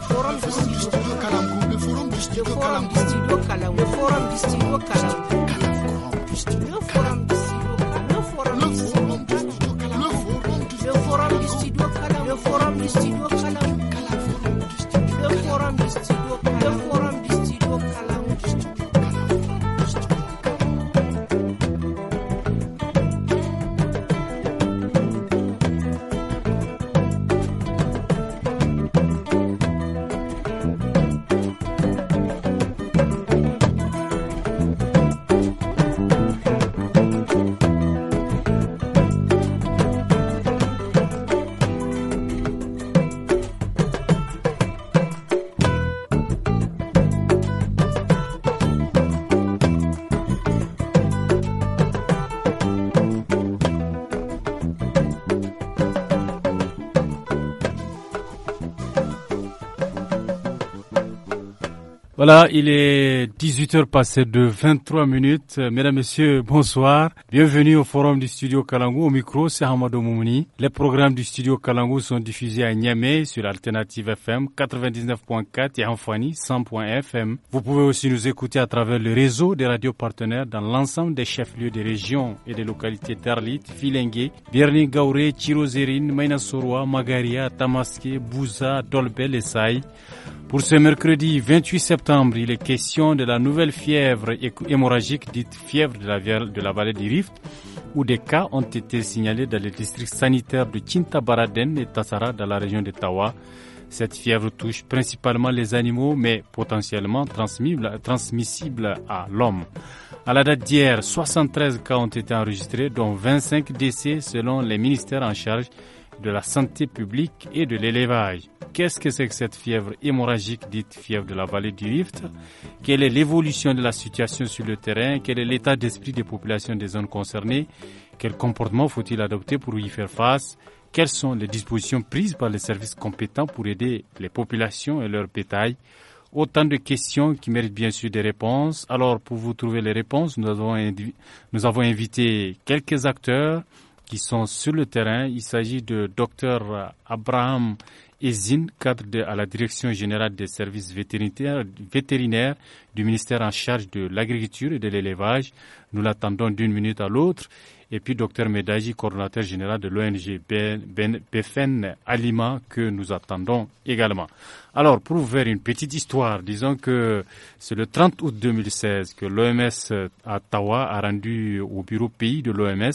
forum le forum district kalam forum Voilà, il est 18h passé de 23 minutes. Euh, mesdames, Messieurs, bonsoir. Bienvenue au forum du studio Kalangou. Au micro, c'est Hamadou Moumouni. Les programmes du studio Kalangou sont diffusés à Niamey sur Alternative FM 99.4 et Anfani 100.fm. Vous pouvez aussi nous écouter à travers le réseau des radios partenaires dans l'ensemble des chefs-lieux des régions et des localités d'Arlit, Filengue, Birni Chirozérine, Mainasoroa, Magaria, Tamaské, Bouza, Dolbel et Saï. Pour ce mercredi 28 septembre, il est question de la nouvelle fièvre hémorragique dite fièvre de la, de la vallée du Rift, où des cas ont été signalés dans les districts sanitaires de Chintabaraden et Tassara dans la région de Tawa. Cette fièvre touche principalement les animaux, mais potentiellement transmissible à l'homme. À la date d'hier, 73 cas ont été enregistrés, dont 25 décès selon les ministères en charge de la santé publique et de l'élevage. Qu'est-ce que c'est que cette fièvre hémorragique dite fièvre de la vallée du Rift Quelle est l'évolution de la situation sur le terrain Quel est l'état d'esprit des populations des zones concernées Quel comportement faut-il adopter pour y faire face Quelles sont les dispositions prises par les services compétents pour aider les populations et leur bétail Autant de questions qui méritent bien sûr des réponses. Alors pour vous trouver les réponses, nous avons invité quelques acteurs qui sont sur le terrain. Il s'agit de Dr euh, Abraham Ezine, cadre de, à la Direction générale des services vétérinaires du ministère en charge de l'agriculture et de l'élevage. Nous l'attendons d'une minute à l'autre et puis Dr Medaji, coordonnateur général de l'ONG BFN ben, Alima, que nous attendons également. Alors, pour vous faire une petite histoire, disons que c'est le 30 août 2016 que l'OMS à Tawa a rendu au bureau pays de l'OMS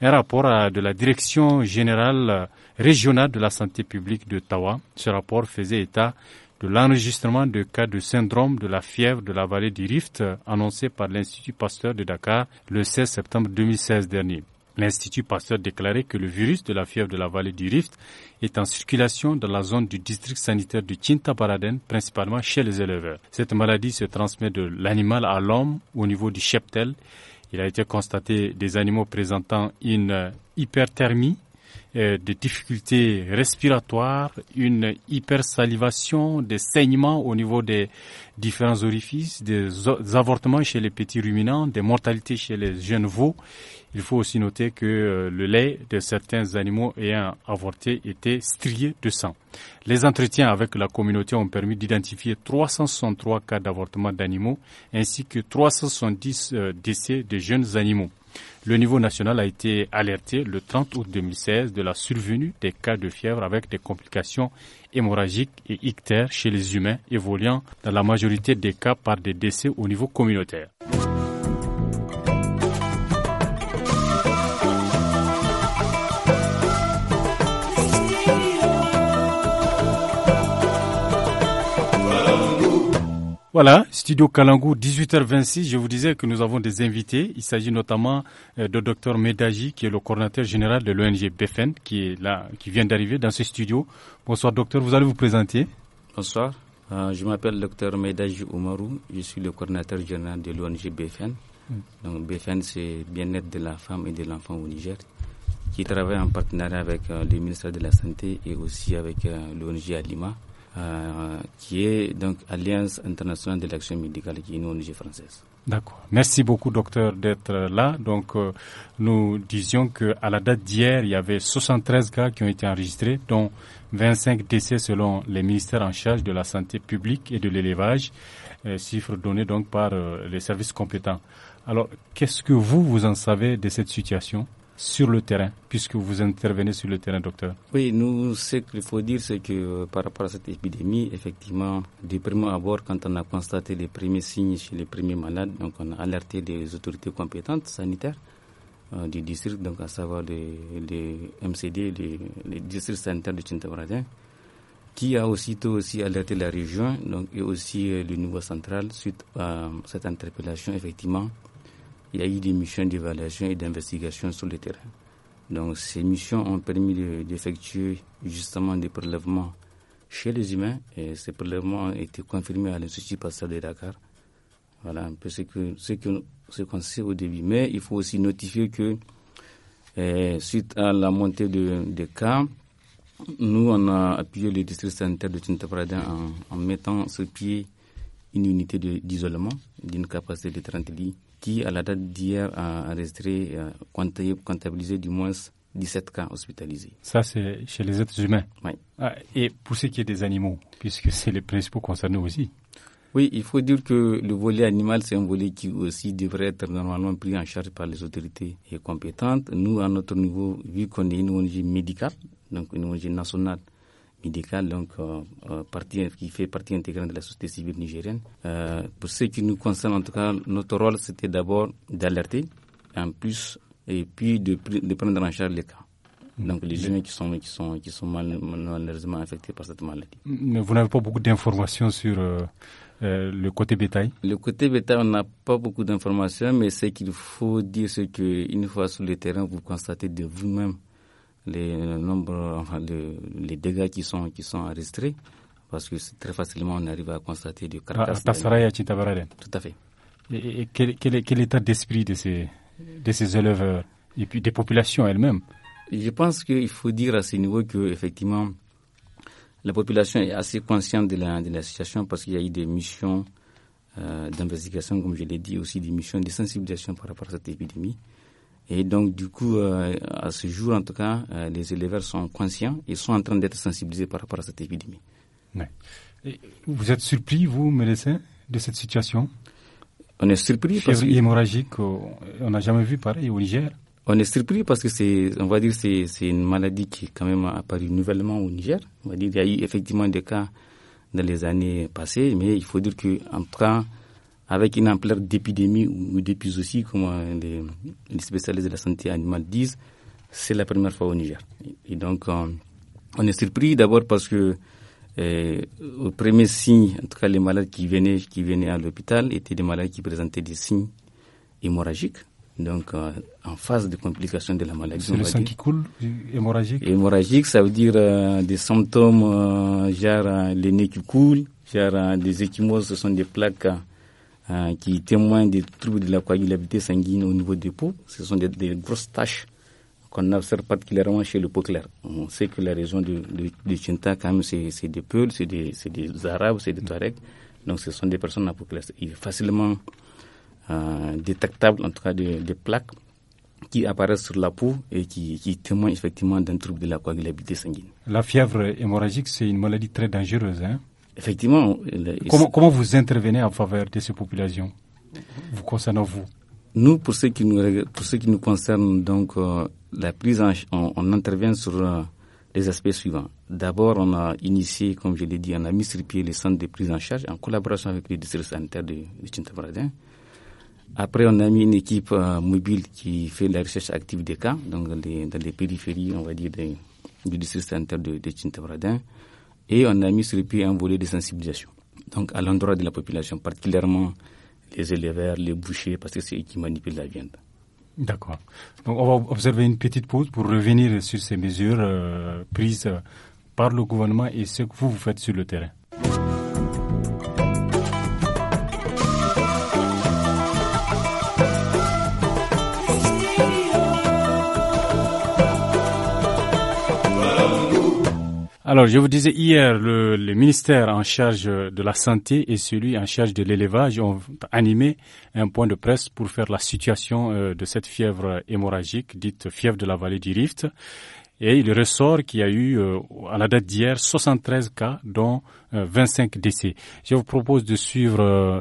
un rapport de la Direction générale régionale de la santé publique de Tawa. Ce rapport faisait état de l'enregistrement de cas de syndrome de la fièvre de la vallée du Rift euh, annoncé par l'Institut Pasteur de Dakar le 16 septembre 2016 dernier. L'Institut Pasteur déclarait que le virus de la fièvre de la vallée du Rift est en circulation dans la zone du district sanitaire de Chintabaraden, principalement chez les éleveurs. Cette maladie se transmet de l'animal à l'homme au niveau du cheptel. Il a été constaté des animaux présentant une euh, hyperthermie euh, des difficultés respiratoires, une hypersalivation, des saignements au niveau des différents orifices, des, avortements chez les petits ruminants, des mortalités chez les jeunes veaux. Il faut aussi noter que euh, le lait de certains animaux ayant avorté était strié de sang. Les entretiens avec la communauté ont permis d'identifier 363 cas d'avortement d'animaux ainsi que 370 euh, décès de jeunes animaux. Le niveau national a été alerté le 30 août 2016 de la survenue des cas de fièvre avec des complications hémorragiques et ictères chez les humains, évoluant dans la majorité des cas par des décès au niveau communautaire. Voilà, Studio Kalangou, 18h26. Je vous disais que nous avons des invités. Il s'agit notamment euh, de Dr Medaji, qui est le coordinateur général de l'ONG BFN, qui est là, qui vient d'arriver dans ce studio. Bonsoir, docteur. Vous allez vous présenter. Bonsoir. Euh, je m'appelle Dr Medaji Oumarou. Je suis le coordinateur général de l'ONG BFN. Mm. Donc, BFN, c'est bien-être de la femme et de l'enfant au Niger, qui travaille en partenariat avec euh, le ministère de la Santé et aussi avec l'ONG Alima euh, qui est donc Alliance internationale de l'action médicale, qui est une ONG française. D'accord. Merci beaucoup, docteur, d'être là. Donc, euh, nous disions que à la date d'hier, il y avait 73 cas qui ont été enregistrés, dont 25 décès selon les ministères en charge de la santé publique et de l'élevage, euh, chiffre donné donc par les services compétents. Alors, qu'est-ce que vous, vous en savez de cette situation sur le terrain, puisque vous intervenez sur le terrain, docteur Oui, nous, ce qu'il faut dire, c'est que euh, par rapport à cette épidémie, effectivement, du premier abord, quand on a constaté les premiers signes chez les premiers malades, donc on a alerté les autorités compétentes sanitaires euh, du district, donc à savoir les, MCD, les, districts sanitaires de Tintabradien, qui a aussitôt aussi alerté la région donc, et aussi euh, le niveau central suite à cette interpellation, effectivement, il y a eu des missions d'évaluation et d'investigation sur le terrain. Donc ces missions ont permis d'effectuer justement des prélèvements chez les humains et ces prélèvements ont été confirmés à l'Institut Pasteur de Dakar. Voilà un peu ce qu'on que, sait au début. Mais il faut aussi notifier que eh, suite à la montée des de cas, nous, on a appuyé le district sanitaire de Tintaprada en, en mettant sur pied une unité d'isolement d'une capacité de 30 lits qui, à la date d'hier, a enregistré, euh, comptabilisé du moins 17 cas hospitalisés. Ça, c'est chez les êtres humains. Oui. Ah, et pour ce qui est des animaux, puisque c'est les principaux concernés aussi. Oui, il faut dire que le volet animal, c'est un volet qui aussi devrait être normalement pris en charge par les autorités compétentes. Nous, à notre niveau, vu qu'on est une ONG médicale, donc une ONG nationale médical donc euh, euh, partie, qui fait partie intégrante de la société civile nigérienne. Euh, pour ce qui nous concerne, en tout cas, notre rôle, c'était d'abord d'alerter, en plus, et puis de, prendre en charge les cas. Mm. Donc les mm. jeunes qui sont, qui sont, qui sont malheureusement affectés par cette maladie. Mm, mais vous n'avez pas beaucoup d'informations sur... le côté bétail Le côté bétail, on n'a pas beaucoup d'informations, mais ce qu'il faut dire, c'est qu'une fois sur le terrain, vous constatez de vous-même les nombres, les dégâts qui sont, qui sont enregistrés, parce que très facilement on arrive à constater du ah, caractère. Tout à fait. Et, quel, quel, l'état d'esprit de ces, de ces éleveurs euh, et puis des populations elles-mêmes Je pense qu'il faut dire à ce niveau que effectivement la population est assez consciente de la, de la situation parce qu'il y a eu des missions euh, d'investigation, comme je l'ai dit, aussi des missions de sensibilisation par rapport à cette épidémie. Et donc, du coup, euh, à ce jour, en tout cas, euh, les éleveurs sont conscients et sont en train d'être sensibilisés par rapport à cette épidémie. vous êtes surpris, vous, Mélissa, de cette situation On est surpris. parce que... hémorragique, on n'a jamais vu pareil au Niger. On est surpris parce que c'est, on va dire, c'est, une maladie qui est quand même apparue nouvellement au Niger. On va dire, il y a eu effectivement des cas dans les années passées, mais il faut dire qu'en tout cas, avec une ampleur d'épidémie ou aussi, comme euh, les, spécialistes de la santé animale disent, c'est la première fois au Niger. Et donc, euh, on, est surpris d'abord parce que euh, au premier signe, en tout cas les malades qui venaient, qui venaient à l'hôpital étaient des malades qui présentaient des signes hémorragiques, donc euh, en phase de complication de la maladie. C'est le sang qui coule, hémorragique Hémorragique, ça veut dire des symptômes, genre les nez qui coulent, genre des échymoses, ce sont des plaques euh, qui témoignent des troubles de la coagulabilité sanguine au niveau des peaux. Ce sont des, grosses taches qu'on observe particulièrement chez le peau clair. On sait que la région du de, Chinta, quand même, c'est des Peuls, c'est des, Arabes, c'est des Touaregs. Donc, ce sont des personnes à peau claire. Il est facilement euh, détectable, en tout cas, des plaques qui apparaissent sur la peau et qui, témoignent effectivement d'un trouble de la coagulabilité sanguine. La fièvre hémorragique, c'est une maladie très dangereuse. Hein effectivement. Comment, comment vous intervenez en faveur de ces populations, vous concernant vous Nous, pour ce qui nous, pour qui nous concerne, donc, euh, la prise en, on, intervient sur euh, les aspects suivants. D'abord, on a initié, comme je l'ai dit, on a mis sur pied les centres de prise en charge en collaboration avec les districts sanitaires de, de Après, on a mis une équipe euh, mobile qui fait la recherche active des cas, donc dans les, périphéries, on va dire, des, du district sanitaire de, de et on a mis sur le pied un volet de sensibilisation. Donc à l'endroit de la population, particulièrement les éleveurs, les bouchers, parce que c'est eux qui manipulent la viande. D'accord. Donc on va observer une petite pause pour revenir sur ces mesures euh, prises par le gouvernement et ce que vous, vous faites sur le terrain. Alors, je vous disais hier, le, ministère en charge de la santé et celui en charge de l'élevage ont animé un point de presse pour faire la situation euh, de cette fièvre hémorragique, dite fièvre de la vallée du Rift. Et il ressort qu'il y a eu, euh, à la date d'hier, 73 cas, dont 25 euh, décès. Je vous propose de suivre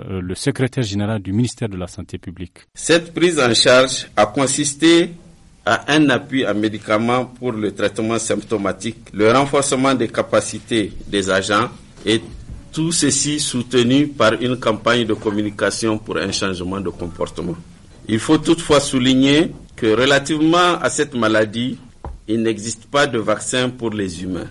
le secrétaire général du ministère de la Santé publique. Cette prise en charge a consisté à un appui à médicaments pour le traitement symptomatique, le renforcement des capacités des agents et tout ceci soutenu par une campagne de communication pour un changement de comportement. Il faut toutefois souligner que relativement à cette maladie, il n'existe pas de vaccin pour les humains.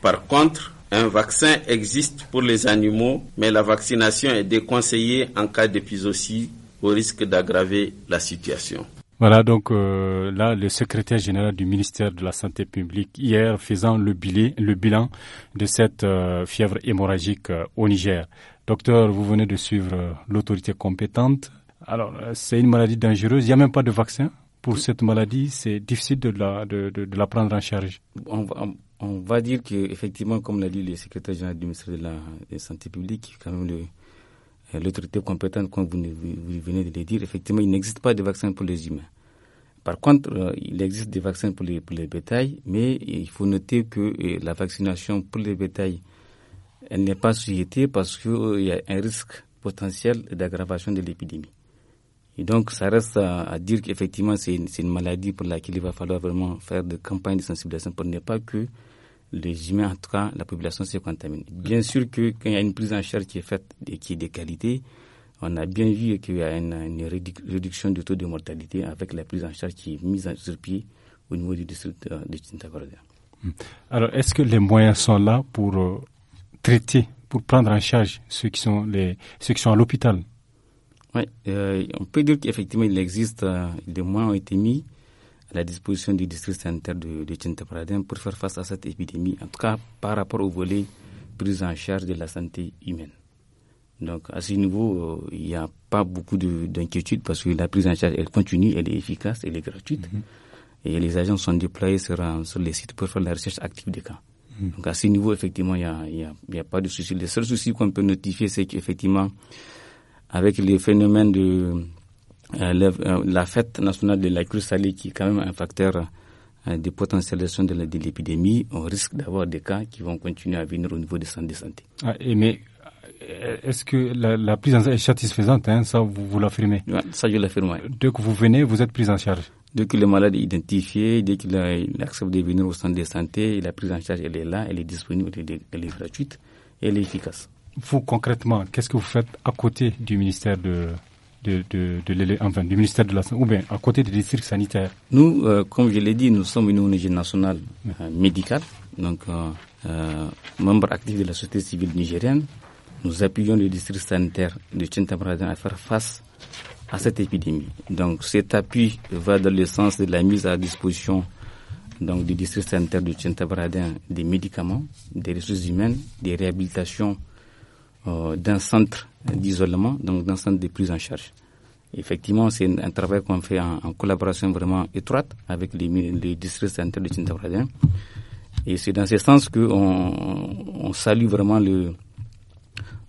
par contre, un vaccin existe pour les animaux, mais la vaccination est déconseillée en cas d'épizootie au risque d'aggraver la situation. Voilà, donc euh, là, le secrétaire général du ministère de la Santé publique, hier, faisant le, bilan, le bilan de cette euh, fièvre hémorragique euh, au Niger. Docteur, vous venez de suivre l'autorité compétente. Alors, c'est une maladie dangereuse, il n'y a même pas de vaccin pour cette maladie, c'est difficile de la, de, la prendre en charge. On va, dire qu'effectivement, comme l'a dit le secrétaire général du ministère de la, Santé publique, quand même le, l'autorité compétente, comme vous, venez de le dire, effectivement, il n'existe pas de vaccin pour les humains. Par contre, euh, il existe des vaccins pour les, pour les bétails, mais il faut noter que euh, la vaccination pour les bétails, elle n'est pas sujetée parce qu'il euh, il y a un risque potentiel d'aggravation de l'épidémie. Et donc, ça reste à, dire qu'effectivement, c'est une, une, maladie pour laquelle il va falloir vraiment faire des campagnes de sensibilisation pour ne pas que les humains, en tout cas, la population se contamine. Bien sûr que quand il y a une prise en charge qui est faite et qui est de qualité, on a bien vu qu'il y a une, réduction du taux de mortalité avec la prise en charge qui est mise sur pied au niveau du district euh, de Tintagordia. Hmm. Alors, est-ce que les moyens sont là pour euh, traiter, pour prendre en charge ceux qui sont, les, ceux qui sont à l'hôpital Oui, euh, on peut dire qu'effectivement, il existe, les des moyens ont été mis à la disposition du district sanitaire de, de pour faire face à cette épidémie, en tout cas par rapport au volet prise en charge de la santé humaine. Donc à ce niveau, euh, il n'y a pas beaucoup d'inquiétude parce que la prise en charge, elle continue, elle est efficace, elle est gratuite. Mhm. Et les agents sont déployés sur, les sites pour faire la recherche active des cas. Mhm. Donc à ce niveau, effectivement, il n'y a, a, pas de souci. Le seul souci qu'on peut notifier, c'est qu'effectivement, avec les phénomènes de euh, euh, la fête nationale de la crue salée, qui est quand même un facteur euh, de potentialisation de l'épidémie, on risque d'avoir des cas qui vont continuer à venir au niveau des centres de santé. Ah, et mais est-ce que la, prise en charge est satisfaisante hein, Ça, vous, l'affirmez Ça, je l'affirme. Dès que vous venez, vous êtes prise en charge Dès que le malade est identifié, dès qu'il accepte de venir au centre de santé, la prise en charge, elle est là, elle est disponible, elle est, elle est gratuite, elle est efficace. Vous, concrètement, qu'est-ce que vous faites à côté du ministère de, de, de, de e, enfin, du ministère de la Santé, ou bien à côté des districts sanitaires Nous, euh, comme je l'ai dit, nous sommes une ONG nationale euh, médicale, donc euh, membre actif de la société civile nigérienne. Nous appuyons le district sanitaire de Tchintabradin à faire face à cette épidémie. Donc cet appui va dans le sens de la mise à disposition donc, du district sanitaire de Tchintabradin des médicaments, des ressources humaines, des réhabilitations euh, d'un centre d'isolement, donc d'un centre de prise en charge. Effectivement, c'est un travail qu'on fait en, collaboration vraiment étroite avec les, les districts sanitaires de Tintabradien. Et c'est dans ce sens qu'on on salue vraiment le,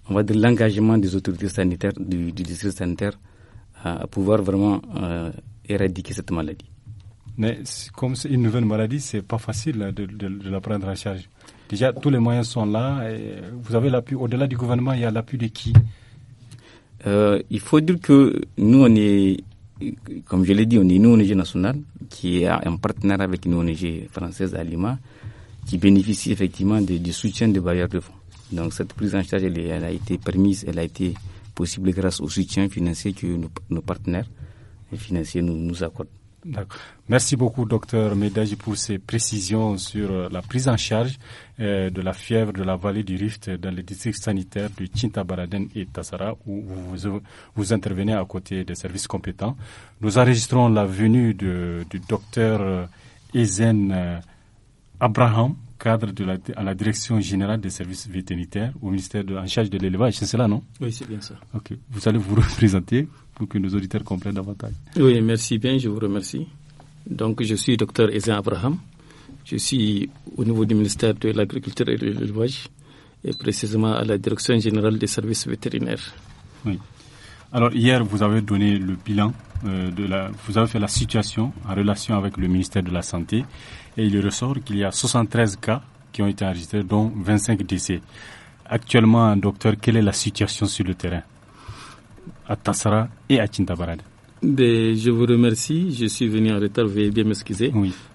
on va dire l'engagement des autorités sanitaires, du, district sanitaire à, pouvoir vraiment euh, éradiquer cette maladie. Mais comme c'est une nouvelle maladie, c'est pas facile de, la prendre en charge. Déjà, tous les moyens sont là. Et vous avez l'appui, au-delà du gouvernement, il y a l'appui de qui euh, Il faut dire que nous, on est, comme je l'ai dit, on est une ONG nationale qui est un partenaire avec une ONG française à Lima qui bénéficie effectivement du de, de soutien des barrières de fonds. Donc cette prise en charge, elle, a été permise, elle a été possible grâce au soutien financier que nos, partenaires financiers nous accordent. Merci beaucoup, docteur Medaj, pour ces précisions sur euh, la prise en charge euh, de la fièvre de la vallée du Rift dans les districts sanitaires de Chintabaraden et Tassara, où vous, euh, vous, intervenez à côté des services compétents. Nous enregistrons la venue du docteur Ezen Abraham, cadre de la, à la direction générale des services vétérinaires au ministère de, en charge de l'élevage. C'est cela, non Oui, c'est bien ça. Vous allez vous représenter que nos auditeurs comprennent davantage. Oui, merci bien, je vous remercie. Donc, je suis docteur Ezin Abraham. Je suis au niveau du ministère de l'Agriculture et de l'Élevage et précisément à la Direction générale des services vétérinaires. Oui. Alors, hier, vous avez donné le bilan, euh, de la, vous avez fait la situation en relation avec le ministère de la Santé et il ressort qu'il y a 73 cas qui ont été enregistrés, dont 25 décès. Actuellement, docteur, quelle est la situation sur le terrain à Tassara et à Tintabarade. je vous remercie. Je suis venu en retard, veuillez bien m'excuser.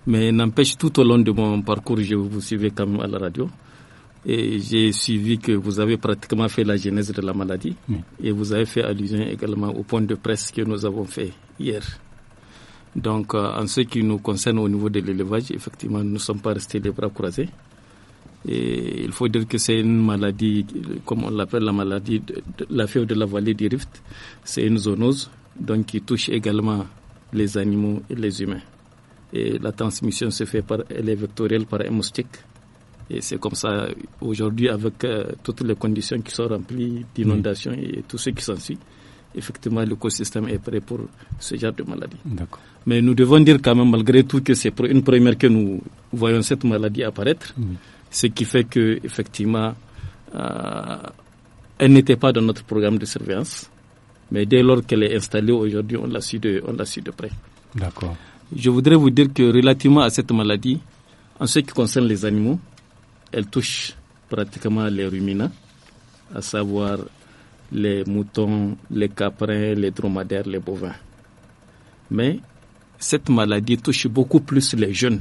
Mais n'empêche, tout au long de mon parcours, je vous suivais quand même à la radio. Et j'ai suivi que vous avez pratiquement fait la genèse de la maladie. Et vous avez fait allusion également au point de presse que nous avons fait hier. Donc, euh, en ce qui nous concerne au niveau de l'élevage, effectivement, nous ne sommes pas restés les bras croisés. Et il faut dire que c'est une maladie, comme on l'appelle la maladie, de, la fièvre de la vallée du Rift. C'est une zoonose donc qui touche également les animaux et les humains. Et la transmission se fait par, elle est vectorielle par un moustique. Et c'est comme ça aujourd'hui avec euh, toutes les conditions qui sont remplies d'inondations mm. et tout ce qui s'ensuit. Effectivement, l'écosystème est prêt pour ce genre de maladie. Mais nous devons dire quand même, malgré tout, que c'est une première que nous voyons cette maladie apparaître. Ce qui fait que effectivement, euh, elle n'était pas dans notre programme de surveillance, mais dès lors qu'elle est installée aujourd'hui, on la suit de, on la suit de près. D'accord. Je voudrais vous dire que relativement à cette maladie, en ce qui concerne les animaux, elle touche pratiquement les ruminants, à savoir les moutons, les caprins, les dromadaires, les bovins. Mais cette maladie touche beaucoup plus les jeunes,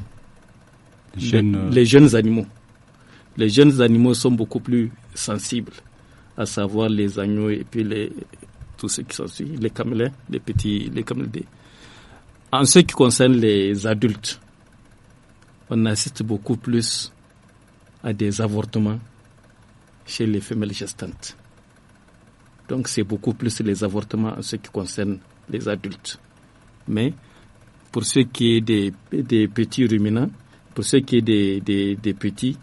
les jeunes animaux les jeunes animaux sont beaucoup plus sensibles, à savoir les agneaux et puis les, tout ce qui s'ensuit, les camélins, les petits, les camélidés. En ce qui concerne les adultes, on assiste beaucoup plus à des avortements chez les femelles gestantes. Donc c'est beaucoup plus les avortements en ce qui concerne les adultes. Mais pour ce qui est des, petits ruminants, pour ceux qui est des petits,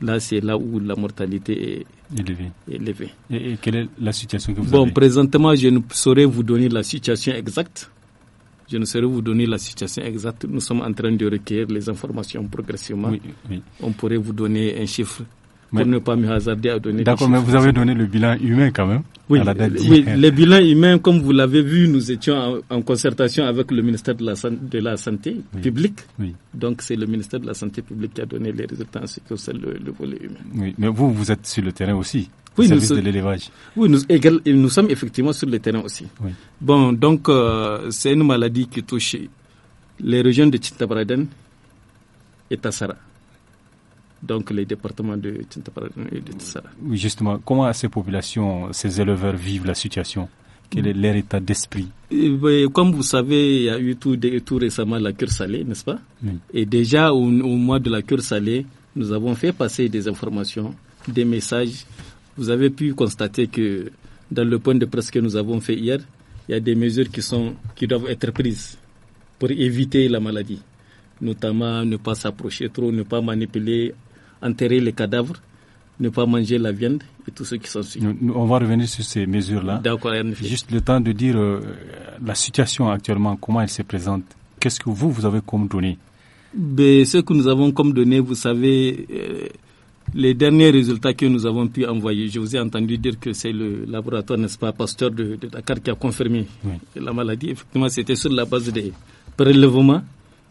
là, c'est là où la mortalité est élevée. Et, quelle est la situation que vous avez Bon, présentement, je ne saurais vous donner la situation exacte. Je ne saurais vous donner la situation exacte. Nous sommes en train de recueillir les informations progressivement. Oui, On pourrait vous donner un chiffre mais, pour ne pas me hasarder à donner. D'accord, mais vous avez donné le bilan humain quand même. Oui, les bilans humains, comme vous l'avez vu, nous étions en, concertation avec le ministère de la, Santé publique. Oui. Donc c'est le ministère de la Santé publique qui a donné les résultats en ce qui concerne le, volet humain. Oui, mais vous, vous êtes sur le terrain aussi, service nous, de l'élevage. Oui, nous, sommes effectivement sur le terrain aussi. Bon, donc euh, c'est une maladie qui touche les régions de Chittabraden et Tassara donc les départements de et de Tissara. Oui, justement, comment ces populations, ces éleveurs vivent la situation quel est leur état d'esprit eh ben, Comme vous savez, il y a eu tout, tout récemment la cure salée, n'est-ce pas Et déjà au, mois de la cure salée, nous avons fait passer des informations, des messages. Vous avez pu constater que dans le point de presse que nous avons fait hier, il y a des mesures qui, sont, qui doivent être prises pour éviter la maladie, notamment ne pas s'approcher trop, ne pas manipuler enterrer les cadavres, ne pas manger la viande et tout ce qui s'ensuit. On va revenir sur ces mesures-là. Juste le temps de dire euh, la situation actuellement, comment elle se présente. Qu'est-ce que vous, vous avez comme données ben, Ce que nous avons comme données, vous savez, euh, les derniers résultats que nous avons pu envoyer, je vous ai entendu dire que c'est le laboratoire, n'est-ce pas, Pasteur de, Dakar qui a confirmé la maladie. Effectivement, c'était sur la base des prélèvements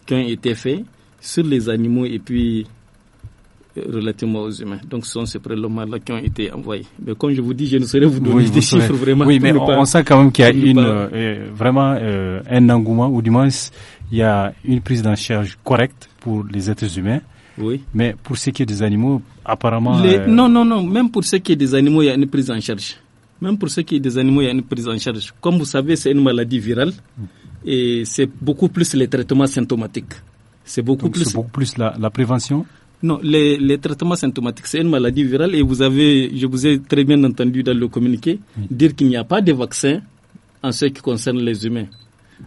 qui ont été faits sur les animaux et puis relativement aux humains. Donc ce sont ces prélèvements-là qui ont été envoyés. Mais comme je vous dis, je ne saurais vous donner des chiffres vraiment. Oui, mais on, sent quand même qu'il y a une, euh, euh, vraiment euh, un engouement, ou du moins il y a une prise en charge correcte pour les êtres humains. Oui. Mais pour ce qui est des animaux, apparemment... Non, non, non. Même pour ce qui est des animaux, il y a une prise en charge. Même pour ce qui est des animaux, il y a une prise en charge. Comme vous savez, c'est une maladie virale et c'est beaucoup plus les traitements symptomatiques. C'est beaucoup, beaucoup plus, la, la prévention non, les, traitements symptomatiques, c'est une maladie virale et vous avez, je vous ai très bien entendu dans le communiqué, dire qu'il n'y a pas de vaccin en ce qui concerne les humains.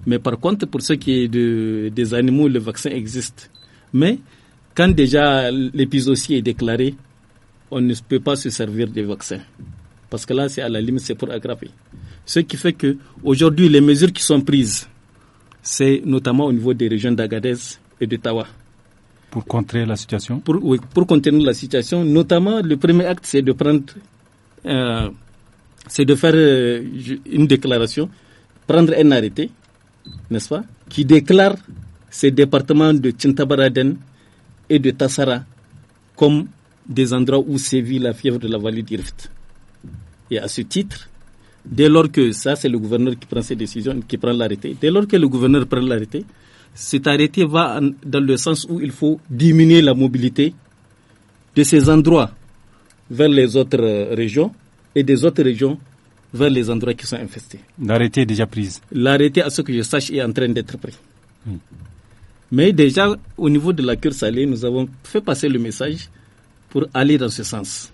Mais par contre, pour ce qui est des animaux, le vaccin existe. Mais quand déjà l'épizootie est déclarée, on ne peut pas se servir des vaccins. Parce que là, c'est à la limite, c'est pour aggraver. Ce qui fait que aujourd'hui, les mesures qui sont prises, c'est notamment au niveau des régions d'Agadez et de pour contrer la situation pour, contenir la situation. Notamment, le premier acte, c'est de prendre. Euh, c'est de faire euh, une déclaration, prendre un arrêté, n'est-ce pas, qui déclare ces départements de Tintabaraden et de Tassara comme des endroits où sévit la fièvre de la vallée d'Irft. Et à ce titre, dès lors que ça, c'est le gouverneur qui prend ses décisions, qui prend l'arrêté, dès lors que le gouverneur prend l'arrêté, cet arrêté va dans le sens où il faut diminuer la mobilité de ces endroits vers les autres euh, régions et des autres régions vers les endroits qui sont infestés. L'arrêté est déjà prise. L'arrêté, à ce que je sache, est en train d'être pris. Mais déjà, au niveau de la cure salée, nous avons fait passer le message pour aller dans ce sens.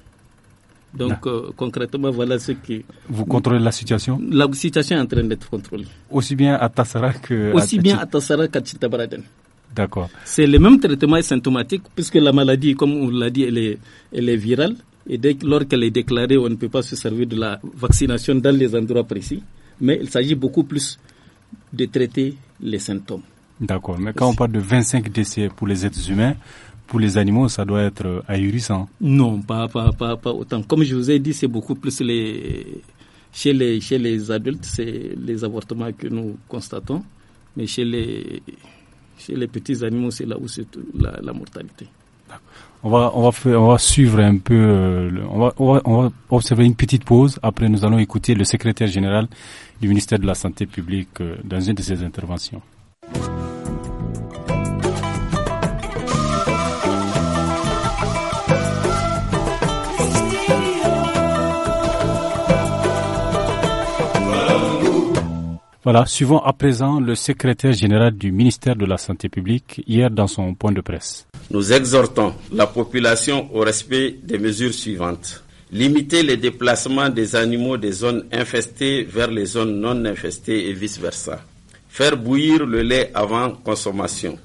Donc euh, concrètement, voilà ce qui... Vous contrôlez la situation La situation est en train d'être contrôlée. Aussi bien à Tassara que... Aussi bien à Tassara qu'à D'accord. C'est le même traitement symptomatique puisque la maladie, comme on l'a dit, elle est, elle est virale. Et dès lors qu'elle est déclarée, on ne peut pas se servir de la vaccination dans les endroits précis. Mais il s'agit beaucoup plus de traiter les symptômes. D'accord. Mais quand on parle de 25 décès pour les êtres humains, pour les animaux, ça doit être euh, ahurissant. Non, pas, pas, pas, autant. Comme je vous ai dit, c'est beaucoup plus les... Chez, les, chez les adultes, c'est les avortements que nous constatons, mais chez les, chez les petits animaux, c'est là où c'est la, mortalité. On va, on, va on va suivre un peu, euh, on, va, observer une petite pause. Après, nous allons écouter le secrétaire général du ministère de la Santé publique euh, dans une de ses interventions. Voilà, suivons à présent le secrétaire général du ministère de la Santé publique hier dans son point de presse. Nous exhortons la population au respect des mesures suivantes. Limiter les déplacements des animaux des zones infestées vers les zones non infestées et vice-versa. Faire bouillir le lait avant consommation.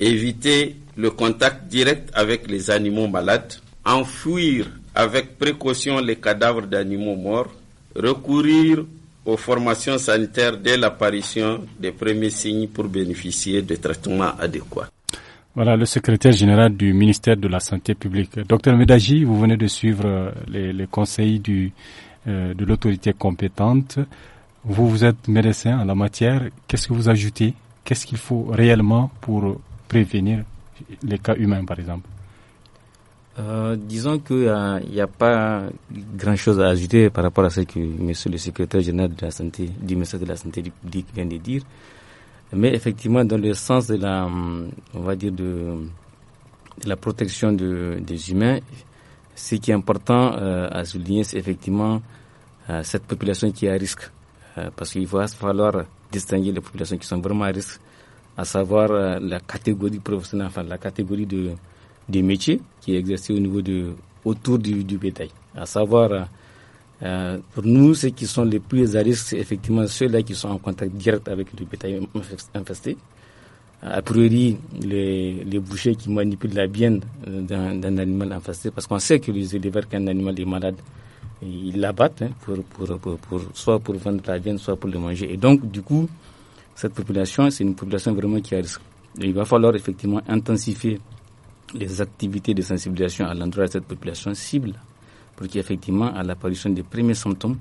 Éviter le contact direct avec les animaux malades. Enfouir avec précaution les cadavres d'animaux morts. Recourir aux formations sanitaires dès l'apparition des premiers signes pour bénéficier de traitements adéquats. Voilà le secrétaire général du ministère de la Santé publique. Docteur Medagi. vous venez de suivre euh, les, conseils euh, de l'autorité compétente. Vous, vous êtes médecin en la matière. Qu'est-ce que vous ajoutez Qu'est-ce qu'il faut réellement pour prévenir les cas humains, par exemple euh, disons qu'il n'y euh, a pas grand-chose à ajouter par rapport à ce que monsieur le secrétaire général de la santé, du ministère de la santé du vient de dire. Mais effectivement, dans le sens de la, on va dire de, la protection des humains, ce qui est important euh, à souligner, c'est effectivement cette population qui est à risque. parce qu'il va falloir distinguer les populations qui sont vraiment à risque, à savoir la catégorie professionnelle, enfin la catégorie de des métiers qui existent au niveau de, autour du, bétail. À savoir, euh, pour nous, ceux qui sont les plus à risque, c'est effectivement ceux-là qui sont en contact direct avec le bétail infesté. Euh, a priori, les, les bouchers qui manipulent la bienne d'un animal infesté, parce qu'on sait que les éleveurs, quand un animal est malade, ils l'abattent hein, pour, pour, pour, soit pour vendre la viande, soit pour le manger. Et donc, du coup, cette population, c'est une population vraiment qui a risque. il va falloir effectivement intensifier les activités de sensibilisation à l'endroit de cette population cible pour qu'effectivement, à l'apparition des premiers symptômes,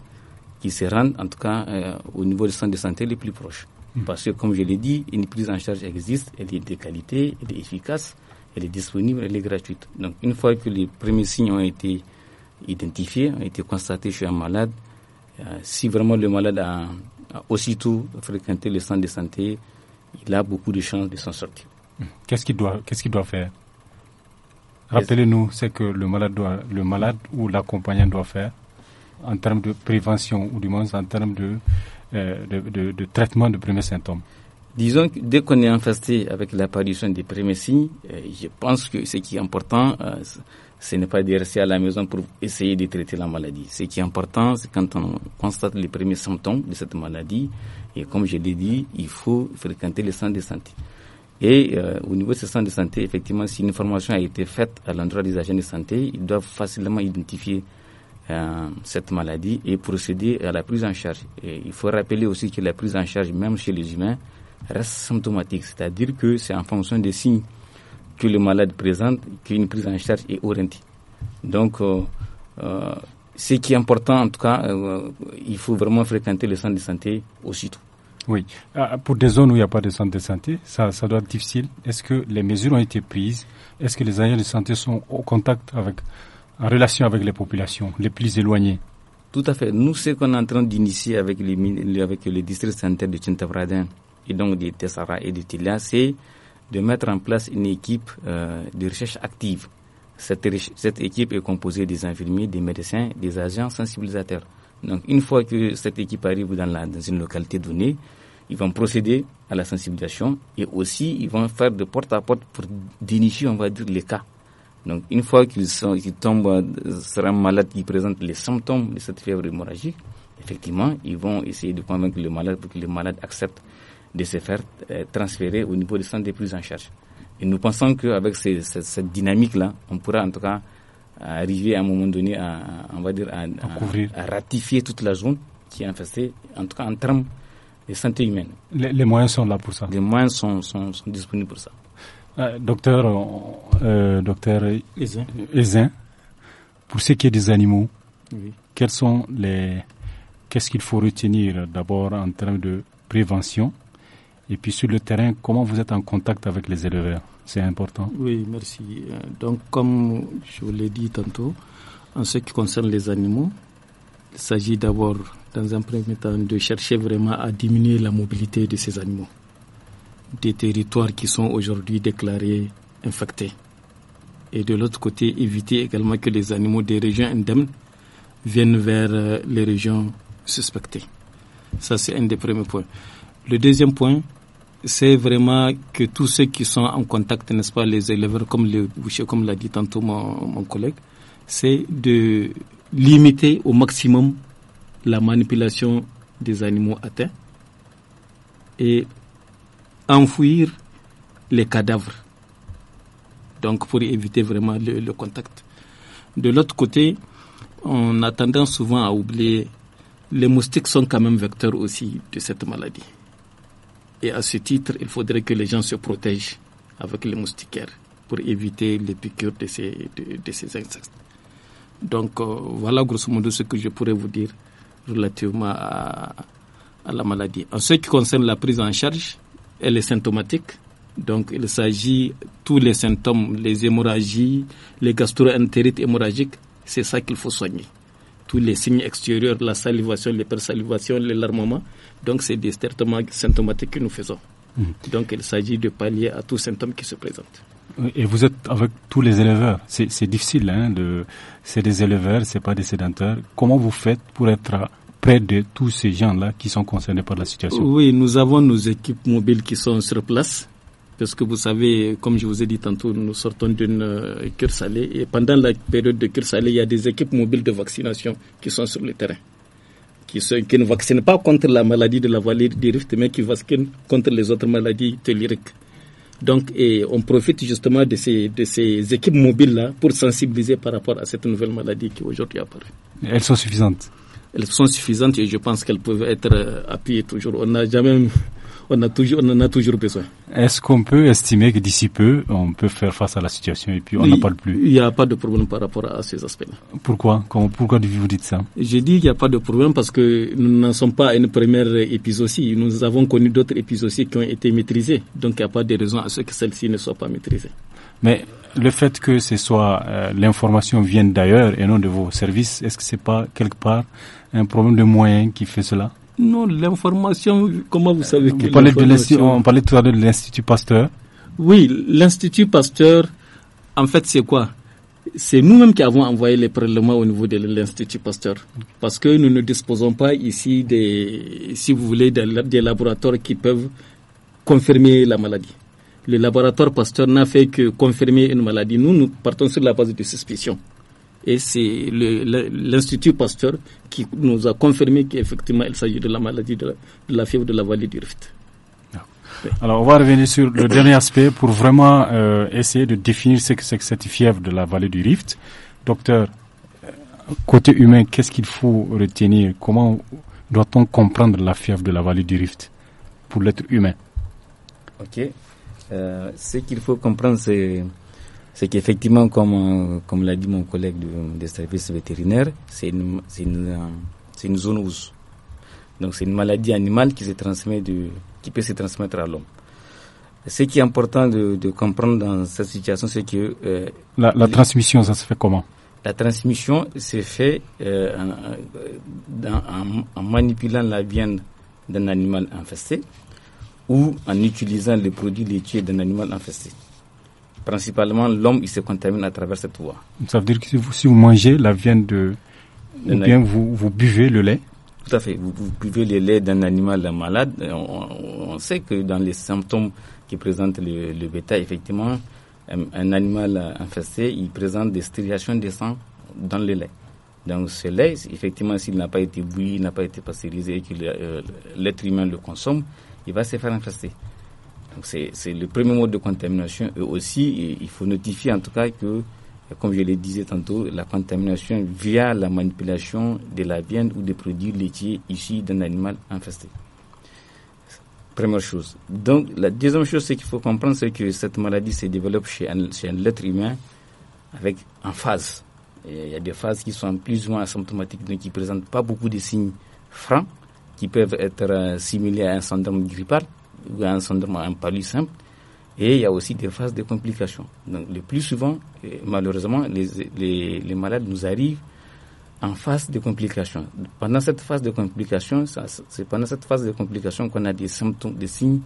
qui se rendent en tout cas euh, au niveau des centres de santé les plus proches. Hmm. Parce que, comme je l'ai dit, une prise en charge existe, elle est de qualité, elle est efficace, elle est disponible, elle est gratuite. Donc, une fois que les premiers signes ont été identifiés, ont été constatés chez un malade, euh, si vraiment le malade a, aussitôt fréquenté le centre de santé, il a beaucoup de chances de s'en sortir. Hmm. Qu'est-ce qu'il doit, qu'est-ce qu'il doit faire Rappelez-nous ce que le malade, doit, le malade ou l'accompagnant doit faire en termes de prévention ou du moins en termes de, euh, de, traitement de premiers symptômes. Disons que dès qu'on est infesté avec l'apparition des premiers signes, euh, je pense que ce qui est important, euh, ce n'est pas de rester à la maison pour essayer de traiter la maladie. Ce qui est important, c'est quand on constate les premiers symptômes de cette maladie, et comme je l'ai dit, il faut fréquenter les centre de santé. Et euh, au niveau de ce centre de santé, effectivement, si une formation a été faite à l'endroit des agents de santé, ils doivent facilement identifier euh, cette maladie et procéder à la prise en charge. Et il faut rappeler aussi que la prise en charge, même chez les humains, reste symptomatique, c'est-à-dire que c'est en fonction des signes que le malade présente qu'une prise en charge est orientée. Donc, euh, ce qui est important, en tout cas, il faut vraiment fréquenter le centre de santé aussitôt. Oui. Ah, pour des zones où il n'y a pas de centre de santé, ça, doit être difficile. Est-ce que les mesures ont été prises Est-ce que les agents de santé sont au contact avec, en relation avec les populations les plus éloignées Tout à fait. Nous, ce qu'on est en train d'initier avec le avec les districts de Tintavradin et donc de Tessara et de Tila, c'est de mettre en place une équipe euh, de recherche active. Cette, cette équipe est composée des infirmiers, des médecins, des agents sensibilisateurs. Donc une fois que cette équipe arrive dans, la, dans une localité donnée, ils vont procéder à la sensibilisation et aussi ils vont faire de porte à porte pour dénicher, on va dire, les cas. Donc une fois qu'ils qu tombent sur euh, un malade qui présente les symptômes de cette fièvre hémorragique, effectivement, ils vont essayer de convaincre le malade pour que le malade accepte de se faire euh, transférer au niveau des centres de prise en charge. Et nous pensons qu'avec cette dynamique-là, on pourra en tout cas à arriver à un moment donné à, on va dire, à, à, à, ratifier toute la zone qui est infestée, en tout cas en termes de santé humaine. Les, moyens sont là pour ça Les moyens sont, disponibles pour ça. Euh, docteur euh, euh docteur Ezin. pour ce qui est des animaux, quels sont les qu'est-ce qu'il faut retenir d'abord en termes de prévention et puis sur le terrain, comment vous êtes en contact avec les éleveurs c'est important. Oui, merci. Euh, donc, comme je vous l'ai dit tantôt, en ce qui concerne les animaux, il s'agit d'abord, dans un premier temps, de chercher vraiment à diminuer la mobilité de ces animaux des territoires qui sont aujourd'hui déclarés infectés. Et de l'autre côté, éviter également que les animaux des régions indemnes viennent vers euh, les régions suspectées. Ça, c'est un des premiers points. Le deuxième point, c'est vraiment que tous ceux qui sont en contact, n'est-ce pas, les éleveurs, comme le boucher, comme l'a dit tantôt mon, collègue, c'est de limiter au maximum la manipulation des animaux atteints et enfouir les cadavres. Donc pour éviter vraiment le, contact. De l'autre côté, on a tendance souvent à oublier les moustiques sont quand même vecteurs aussi de cette maladie. Et à ce titre, il faudrait que les gens se protègent avec les moustiquaires pour éviter les piqûres de ces, de, ces insectes. Donc euh, voilà grosso modo ce que je pourrais vous dire relativement à, à, la maladie. En ce qui concerne la prise en charge, elle est symptomatique. Donc il s'agit tous les symptômes, les hémorragies, les gastro-entérites hémorragiques, c'est ça qu'il faut soigner tous les signes extérieurs, la salivation, les l'hypersalivation, l'alarmement. Donc, c'est des traitements symptomatiques que nous faisons. Mhm. Donc, il s'agit de pallier à tous symptômes qui se présentent. Et vous êtes avec tous les éleveurs. C'est difficile, hein, de, c'est des éleveurs, c'est pas des sédentaires. Comment vous faites pour être près de tous ces gens-là qui sont concernés par la situation Oui, nous avons nos équipes mobiles qui sont sur place parce que vous savez, comme je vous ai dit tantôt, nous sortons d'une euh, cure salée et pendant la période de cure salée, il y a des équipes mobiles de vaccination qui sont sur le terrain, qui, qui ne vaccinent pas contre la maladie de la vallée du mais qui vaccinent contre les autres maladies telluriques. Donc, et on profite justement de ces, de ces équipes mobiles-là pour sensibiliser par rapport à cette nouvelle maladie qui aujourd'hui apparaît. Elles sont suffisantes Elles sont suffisantes et je pense qu'elles peuvent être euh, appuyées toujours. On n'a jamais on en a toujours besoin. Est-ce qu'on peut estimer que d'ici peu, on peut faire face à la situation et puis on n'en parle plus Il n'y a pas de problème par rapport à ces aspects-là. Pourquoi Comment, Pourquoi vous dites ça J'ai dit qu'il n'y a pas de problème parce que nous n'en sommes pas à une première épisode Nous avons connu d'autres épisodes qui ont été maîtrisés. Donc il n'y a pas de raison à ce que celle-ci ne soit pas maîtrisée. Mais le fait que ce soit euh, l'information vienne d'ailleurs et non de vos services, est-ce que ce n'est pas quelque part un problème de moyens qui fait cela non, l'information, comment vous savez que On parlait tout à l'heure de l'Institut Pasteur. Oui, l'Institut Pasteur, en fait, c'est quoi c'est nous-mêmes qui avons envoyé les prélèvements au niveau de l'Institut Pasteur. Parce que nous ne disposons pas ici, des, si vous voulez, des, laboratoires qui peuvent confirmer la maladie. Le laboratoire Pasteur n'a fait que confirmer une maladie. Nous, nous partons sur la base de suspicion. Et c'est l'Institut Pasteur qui nous a confirmé qu'effectivement, il s'agit de la maladie de la, fièvre de la vallée du Rift. Alors, on va revenir sur le dernier aspect pour vraiment euh, essayer de définir ce que c'est que cette fièvre de la vallée du Rift. Docteur, euh, côté humain, qu'est-ce qu'il faut retenir Comment doit-on comprendre la fièvre de la vallée du Rift pour l'être humain Ok. Euh, ce qu'il faut comprendre, c'est c'est qu'effectivement, comme, euh, comme l'a dit mon collègue des services vétérinaires, c'est une, une, euh, une Donc c'est une maladie animale qui, se transmet de, qui peut se transmettre à l'homme. Ce qui est important de, de comprendre dans cette situation, c'est que... Euh, la, transmission, ça se fait comment La transmission se fait en, en, manipulant la viande d'un animal infesté ou en utilisant les produits laitiers d'un animal infesté principalement l'homme, il se contamine à travers cette voie. Ça veut dire que si vous, si vous mangez la viande de, ou bien vous, vous, buvez le lait Tout à fait. Vous, buvez le lait d'un animal malade. On, on, sait que dans les symptômes qui présentent le, le bêta, effectivement, un, animal infesté, il présente des striations de sang dans le lait. Donc ce lait, effectivement, s'il n'a pas été bouilli, n'a pas été pasteurisé et que euh, l'être humain le consomme, il va se faire infester c'est le premier mode de contamination. eux aussi, il faut notifier en tout cas que, comme je le disais tantôt, la contamination via la manipulation de la viande ou des produits laitiers issus d'un animal infesté. Première chose. Donc la deuxième chose, c'est qu'il faut comprendre, c'est que cette maladie se développe chez un, humain avec en phase. Il y a des phases qui sont plus ou moins asymptomatiques, donc qui ne présentent pas beaucoup de signes francs, qui peuvent être euh, similaires à un syndrome grippal ou un syndrome, un simple. Et il y a aussi des phases de complications. Donc, le plus souvent, euh, malheureusement, les, les, malades nous arrivent en phase de complications. Pendant cette phase de complications, c'est pendant cette phase de complications qu'on a des symptômes, des signes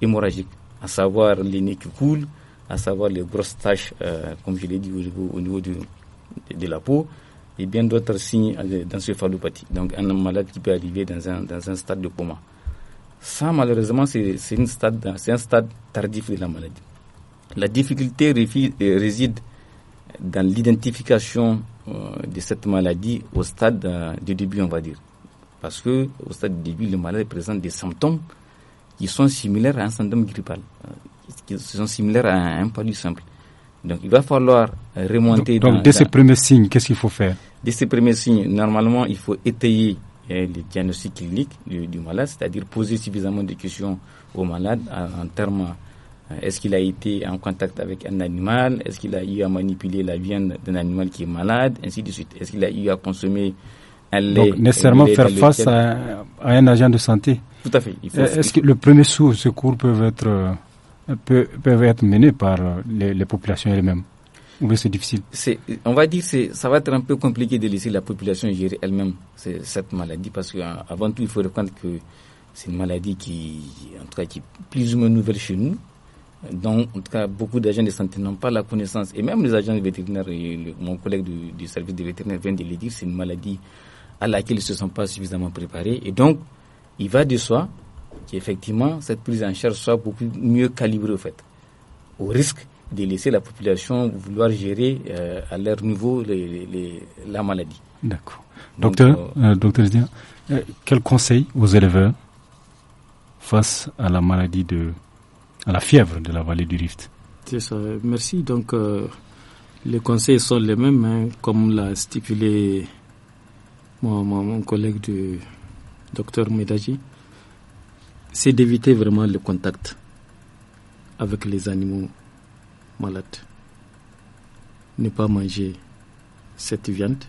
hémorragiques, à savoir les nez qui coulent, à savoir les grosses taches, euh, comme je l'ai dit, au niveau, au niveau de, de, la peau, et bien d'autres signes euh, d'encéphalopathie. Donc un malade qui peut arriver dans un, dans un stade de coma. Ça, malheureusement, c'est un stade tardif de la maladie. La difficulté euh, réside dans l'identification euh, de cette maladie au stade euh, du début, on va dire. Parce que au stade du début, le malade présente des symptômes qui sont similaires à un syndrome grippal, qui sont similaires à un palud simple. Donc il va falloir remonter. Donc, dès ces premiers signes, qu'est-ce qu'il faut faire Dès ces premiers signes, normalement, il faut étayer le diagnostic clinique du, malade, c'est-à-dire poser suffisamment de questions au malade euh, en, termes euh, est-ce qu'il a été en contact avec un animal Est-ce qu'il a eu à manipuler la viande d'un animal qui est malade Ainsi de suite. Est-ce qu'il a eu à consommer un lait Donc, nécessairement faire face à, un agent de santé. Tout à fait. Euh, est-ce que le premier secours peut être, peut, être mené par les populations elles-mêmes oui, c'est difficile. on va dire, que ça va être un peu compliqué de laisser la population gérer elle-même cette maladie parce qu'avant euh, tout, il faut reconnaître que c'est une maladie qui, en tout cas, qui est plus ou moins nouvelle chez nous. Donc, en tout cas, beaucoup d'agents de santé n'ont pas la connaissance. Et même les agents vétérinaires, et mon collègue du, service des vétérinaires vient de le dire, c'est une maladie à laquelle ils ne se sont pas suffisamment préparés. Et donc, il va de soi qu'effectivement, cette prise en charge soit beaucoup mieux calibrée, au fait, au risque de laisser la population vouloir gérer euh, à leur niveau les, la maladie. D'accord. Docteur, euh, euh, docteur quel conseil aux éleveurs face à la maladie de, à la fièvre de la vallée du Rift Merci. Donc, les conseils sont les mêmes, hein, comme l'a stipulé mon, mon, collègue du docteur Medaji. C'est d'éviter vraiment le contact avec les animaux malade. Ne pas manger cette viande,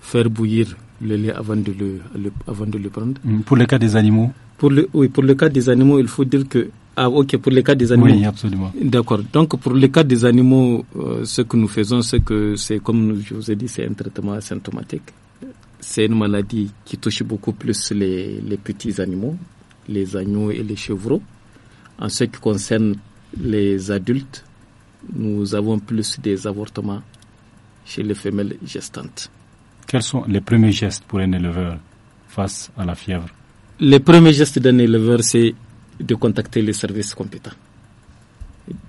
faire bouillir le lait avant de le, avant de le prendre. Mm, pour le cas des animaux pour le, Oui, pour le cas des animaux, il faut dire que. Ah, ok, pour le cas des animaux. Oui, absolument. D'accord. Donc, pour le cas des animaux, euh, ce que nous faisons, c'est que c'est comme je vous ai dit, c'est un traitement asymptomatique. C'est une maladie qui touche beaucoup plus les, les petits animaux, les agneaux et les chevreaux. En ce qui concerne les adultes, nous avons plus des avortements chez les femelles gestantes. Quels sont les premiers gestes pour un éleveur face à la fièvre Les premiers gestes d'un éleveur, c'est de contacter les services compétents.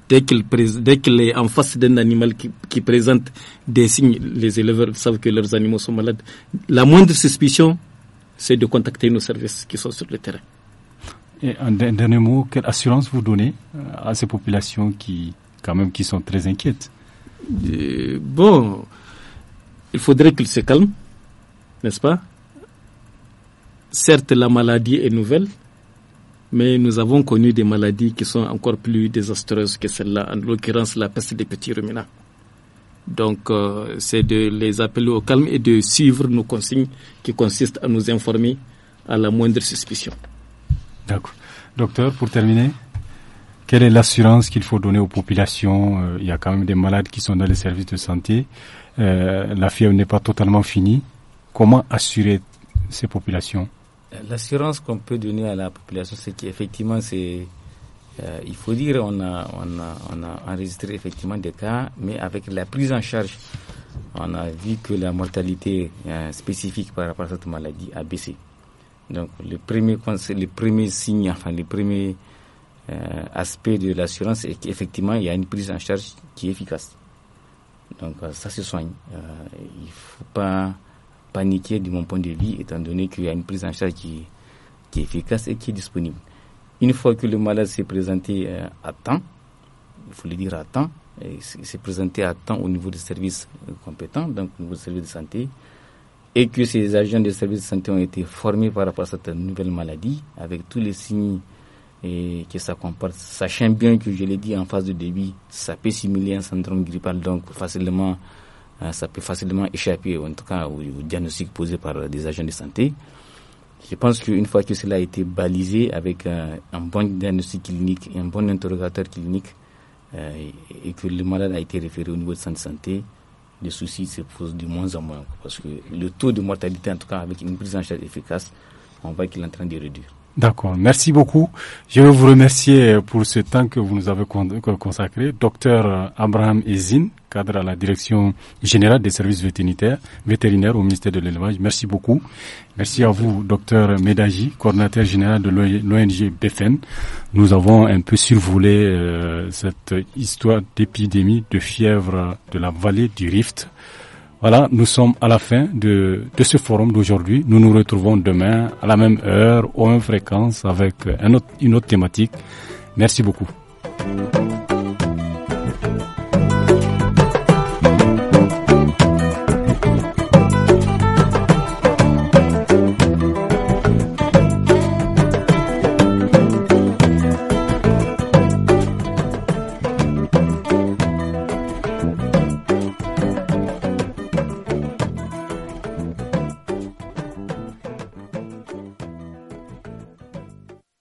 Dès qu'il, est en face d'un animal qui, qui, présente des signes, les éleveurs savent que leurs animaux sont malades. La moindre suspicion, c'est de contacter nos services qui sont sur le terrain. Et un dernier mot, quelle assurance vous donnez euh, à ces populations qui, quand même qui sont très inquiètes. bon, il faudrait qu'ils se calment, n'est-ce pas Certes, la maladie est nouvelle, mais nous avons connu des maladies qui sont encore plus désastreuses que celle-là, en l'occurrence la peste des petits ruminants. Donc, euh, c'est de les appeler au calme et de suivre nos consignes qui consistent à nous informer à la moindre suspicion. D'accord. Docteur, pour terminer quelle est l'assurance qu'il faut donner aux populations euh, Il y a quand même des malades qui sont dans les services de santé. Euh, la fièvre n'est pas totalement finie. Comment assurer ces populations L'assurance qu'on peut donner à la population, c'est qu'effectivement, c'est, euh, il faut dire, on a, on, a, on a enregistré effectivement des cas, mais avec la prise en charge, on a vu que la mortalité spécifique par rapport à cette maladie a baissé. Donc, le premier, le premier signe, enfin, le premier euh, aspect de l'assurance est qu'effectivement, il y a une prise en charge qui est efficace. Donc euh, ça se soigne. Euh, il ne faut pas paniquer de mon point de vue, étant donné qu'il y a une prise en charge qui, qui est efficace et qui est disponible. Une fois que le malade s'est présenté à temps, il faut le dire à temps, il s'est présenté à temps au niveau des services compétents, donc au niveau des services de santé, et que ces agents des services de santé ont été formés par rapport à cette nouvelle maladie, avec tous les signes et que ça comporte, sachant bien que je l'ai dit en phase de débit, ça peut simuler un syndrome grippal, donc facilement, euh, ça peut facilement échapper, en tout cas, au, diagnostic posé par euh, des agents de santé. Je pense qu'une fois que cela a été balisé avec euh, un bon diagnostic clinique, un bon interrogateur clinique, et que le malade a été référé au niveau de santé santé, les soucis se posent de moins en moins. Parce que le taux de mortalité, en tout cas, avec une prise en charge efficace, on voit qu'il est en train de réduire. D'accord, merci beaucoup. Je veux vous remercier pour ce temps que vous nous avez consacré. Docteur Abraham Ezin, cadre à la direction générale des services vétérinaires, au ministère de l'Élevage. Merci beaucoup. Merci à vous, docteur Medagi, coordinateur général de l'ONG BFN. Nous avons un peu survolé euh, cette histoire d'épidémie de fièvre de la vallée du Rift. Voilà, nous sommes à la fin de, ce forum d'aujourd'hui. Nous nous retrouvons demain à la même heure, aux mêmes fréquences, avec une autre thématique. Merci beaucoup.